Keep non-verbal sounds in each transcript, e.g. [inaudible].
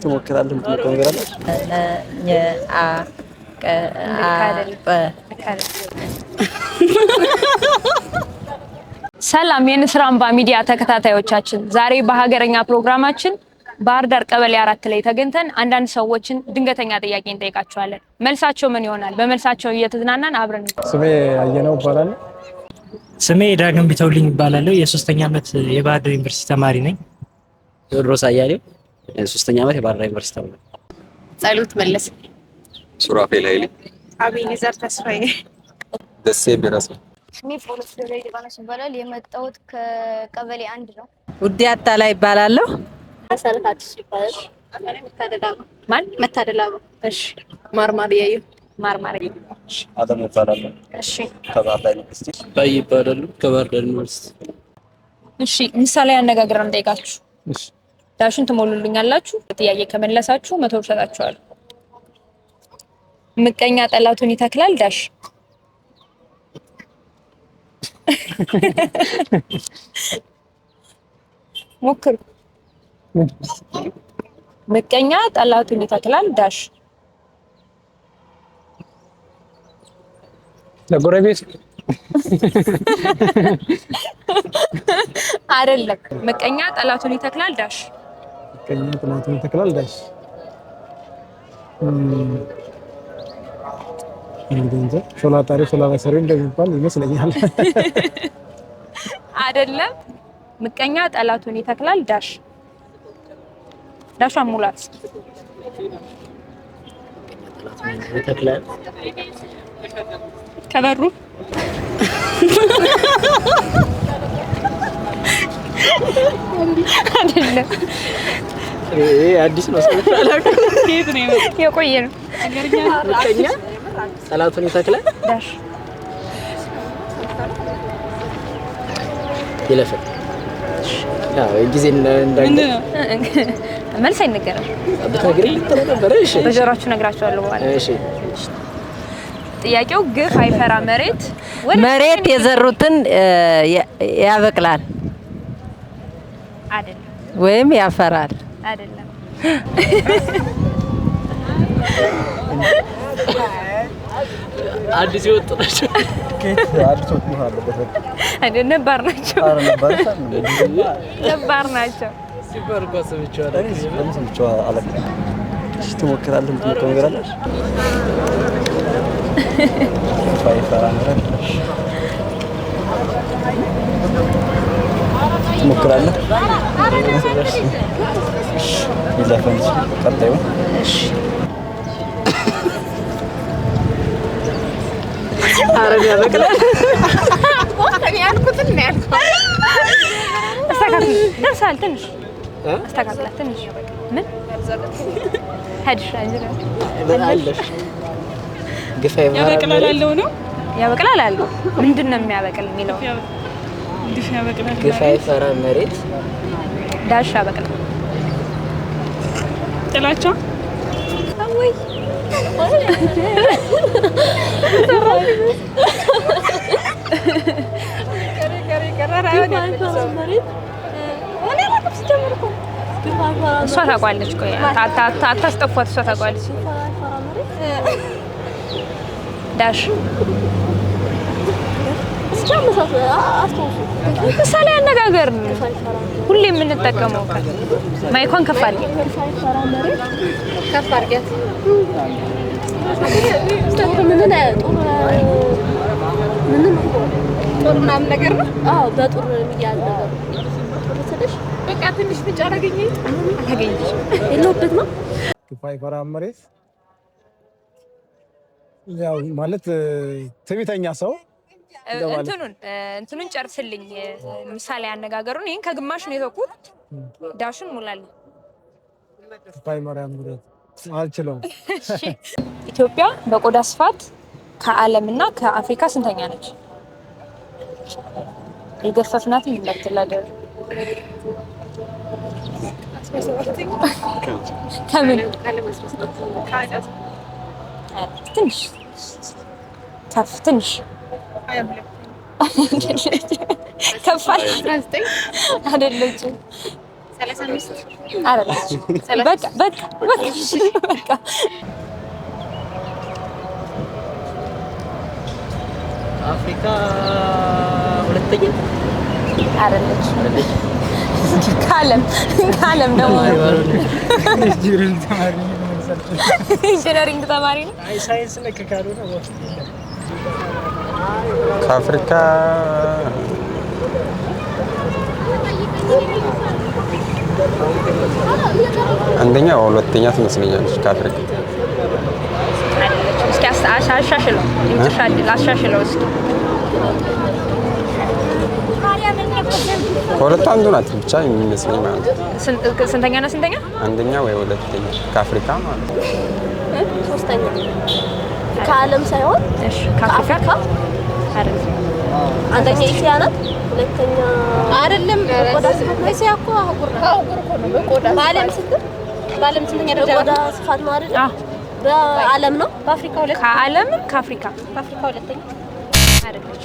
ትሞክራለህ? ሰላም የንስር አምባ ሚዲያ ተከታታዮቻችን፣ ዛሬ በሀገረኛ ፕሮግራማችን ባህር ዳር ቀበሌ አራት ላይ ተገኝተን አንዳንድ ሰዎችን ድንገተኛ ጥያቄ እንጠይቃቸዋለን። መልሳቸው ምን ይሆናል? በመልሳቸው እየተዝናናን አብረን ስሜ አየነው ይባላል። ስሜ ዳግም ቢተውልኝ ይባላለሁ። የሶስተኛ ዓመት የባህር ዳር ዩኒቨርሲቲ ተማሪ ነኝ። ቴዎድሮስ አያሌው ሶስተኛ ዓመት የባህር ዳር ዩኒቨርሲቲ ተማሪ። ጸሎት መለስ፣ ሱራፌል ኃይሌ፣ አቤኔዘር ተስፋዬ፣ ደሴ ቢራስ። ስሜ ጳውሎስ ደብረ ሊባኖስ ይባላል። የመጣሁት ከቀበሌ አንድ ነው። ውዴ አታላይ ይባላለሁ። ይባላል። መታደላ ማን መታደላ። እሺ ማርማር ያየሁ ማርማር አለም ይባላለሁ። እሺ ከባህር ዳር ዩኒቨርሲቲ ባይ ይባላሉ። ከባህር ዳር ዩኒቨርሲቲ። እሺ ምሳሌ አነጋግረን እንጠይቃችሁ። ዳሽን ትሞሉልኛላችሁ። ጥያቄ ከመለሳችሁ መቶ ብር ሰጣችኋለሁ። ምቀኛ ጠላቱን ይተክላል። ዳሽ [laughs] ሞክሩ። ምቀኛ ጠላቱን ይተክላል። ዳሽ ለጎረቤት አይደለም። ምቀኛ ጠላቱን ይተክላል ዳሽ ምቀኛ ጠላቱን ይተክላል ዳሽ እንግዲህ ሾላ ጣሪ ሾላ ባሰሪ እንደሚባል ይመስለኛል። [laughs] አይደለም። ምቀኛ ጠላቱን ይተክላል ዳሽ ዳሽ አሙላት ከበሩ አይደለም። አዲስ ነው። የቆየ ነው። ጠላቱን ይተክላል። ዳሽ ይለፈል። ጊዜ መልስ አይነገራል። ብትነግሪኝ ነበረ። በጆሯችሁ ነግራችኋለሁ በኋላ ጥያቄው ግፍ አይፈራ መሬት መሬት የዘሩትን ያበቅላል አይደለም ወይም ያፈራል አይደለም። አዲስ የወጡ ናቸው። ነባር ናቸው። ነባር ናቸው። ትሞክራለህ? ትሞክራለህ? ይዘፈን ቀጣዩ ምን ግፋ ያበቅላል አለው ነው ያበቅላል አለው ምንድን ነው የሚያበቅል የሚለው ግፋ ይፈራ መሬት ዳሽ ያበቅላል ጥላቸው ወይ እሷ ታውቋለች። ቆይ አታስጠፏት። እሷ ታውቋለች። የረዳሽ ምሳሌ አነጋገር ሁሌ የምንጠቀመው ማይኳን ከፍ አድርጊ፣ ከፍ ምናምን ነገር ነው። በጥሩ በጦር የሚያዝ ነገር በቃ ትንሽ ብቻ አላገኘሁትም። አላገኘሁትም የለሁበትማ ያው ማለት ትዕቢተኛ ሰው እንትኑን እንትኑን ጨርስልኝ፣ ምሳሌ አነጋገሩን። ይህን ከግማሽ ነው የተኩት። ዳሽን ሙላልኝ። ማርያም አልችለውም። ኢትዮጵያ በቆዳ ስፋት ከዓለምና ከአፍሪካ ስንተኛ ነች? የገፈፍናት ይመትላደር ከምን ትንሽ ከፍ ትንሽ ከፋሽ አይደለችም። በቃ በቃ በቃ አፍሪካ ሁለተኛ አረለች ካለም ካለም ደግሞ ኢንጂነሪንግ ተማሪ ነው። ከአፍሪካ አንደኛ ሁለተኛ ትመስለኛለች ከአፍሪካ። አሻሽለው አሻሽለው ከሁለቱ አንዱ ናት ብቻ የሚመስለኝ ማለት ነው። ስንተኛ እና ስንተኛ? አንደኛ ወይ ሁለተኛ ከአፍሪካ ማለት ነው። ከዓለም ሳይሆን ከአፍሪካ አንደኛ እስያ ናት፣ ሁለተኛ አይደለም። እስያ እኮ አህጉር ነው። በዓለም ስንት በዓለም ስንተኛ ደረጃ ቆዳ ስፋት ነው አይደል? በዓለም ነው። በአፍሪካ ሁለት ከዓለምም ከአፍሪካ በአፍሪካ ሁለተኛ አይደለች።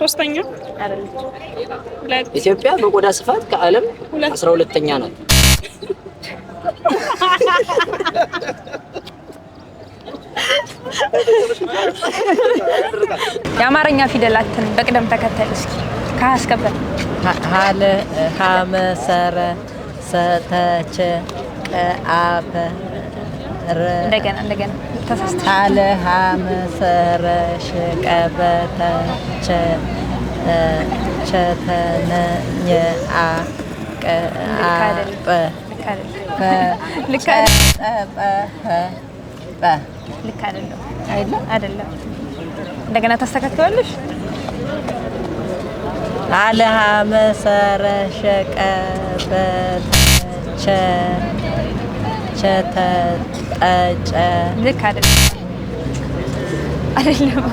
ሶስተኛ ኢትዮጵያ በቆዳ ስፋት ከዓለም አስራ ሁለተኛ ናት። የአማርኛ ፊደላትን በቅደም ተከተል እስኪ ካስከበር ሀለ ሀመሰረ ሰተቸ አበረ እንደገና እንደገና አለሃ መሰረሽ ቀበተቸተነኘ አቀጠ ልክ አይደለም አይደለም። እንደገና ታስተካክላለሽ። አለሃ መሰረሽ ቀበተቸ ጠጨ ልክ አይደለም አይደለም።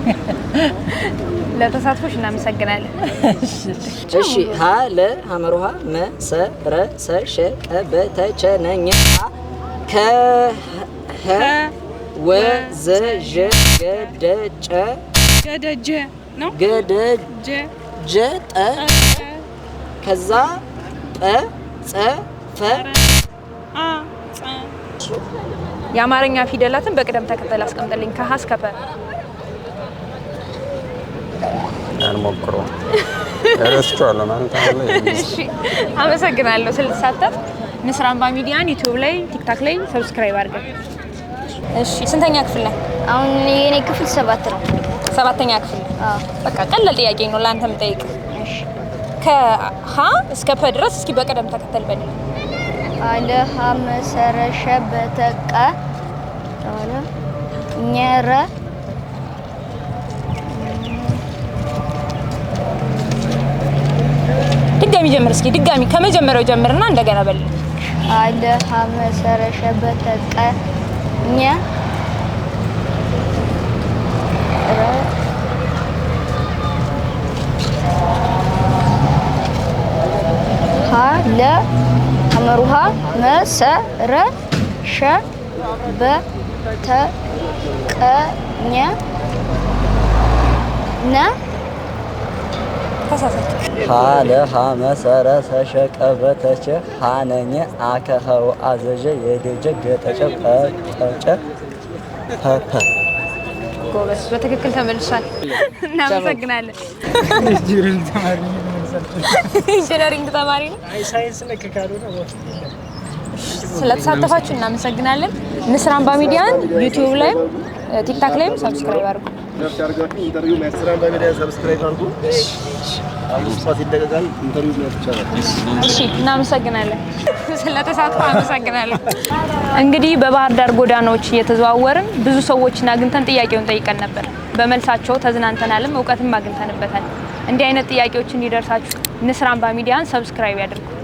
[laughs] ለተሳትፎሽ እናመሰግናለን። እሺ ሀ ለ ሀመር ውሃ መ ሰ ረ ሰ ሸ ቀ በ ተ ቸ ነ ከ ሀ ወ ዘ ዠ ገ ደ ጨ ገደ ጀ ጀ ጠ ከዛ ጠ ጸ ፈ አ የአማርኛ ፊደላትን በቅደም ተከተል አስቀምጥልኝ ከሀ እስከ ፐ። አንሞክረው [laughs] ረስቸዋለሁ። አመሰግናለሁ ስልትሳተፍ ንስር አምባ ሚዲያን ዩቲዩብ ላይ ቲክታክ ላይ ሰብስክራይብ አድርገን። እሺ ስንተኛ ክፍል ላይ? አሁን የኔ ክፍል ሰባት ነው። ሰባተኛ ክፍል። በቃ ቀላል ጥያቄ ነው ለአንተ ጠይቅ። ከሀ እስከ ፐ ድረስ እስኪ በቅደም ተከተል በል አለሃ መሰረሸ በተቃ ኘረ ድጋሚ ጀምር እስኪ ድጋሚ ከመጀመሪያው ጀምርና እንደገና በል። አለሃ መሰረሸ በተቀ ኘ ሀ ለ መሩሃ መሰረ ሸ በ ተ ቀ ኘ ነ ሀለሀ መሰረ ሰሸቀበተቸ ሀነኘ አከኸው አዘዠ የደጀ ገጠጨ ጠጨ ፐፐ ጎበዝ፣ በትክክል ተመልሷል። እናመሰግናለን። ኢንጂነሪንግ ተማሪ ነው። ስለተሳተፋችሁ እናመሰግናለን። ንስር ሚዲያን ዩቲዩብ ላይም ቲክታክ ላይም ሰብስክራይብ አድርጉ። እናመሰግናለን። ስለተሳትፎ አመሰግናለን። እንግዲህ በባህር ዳር ጎዳናዎች እየተዘዋወርን ብዙ ሰዎችን አግኝተን ጥያቄውን ጠይቀን ነበር። በመልሳቸው ተዝናንተናልም እውቀትም አግኝተንበታል። እንዲህ አይነት ጥያቄዎች እንዲደርሳችሁ ንስራን በሚዲያን ሰብስክራይብ ያድርጉ።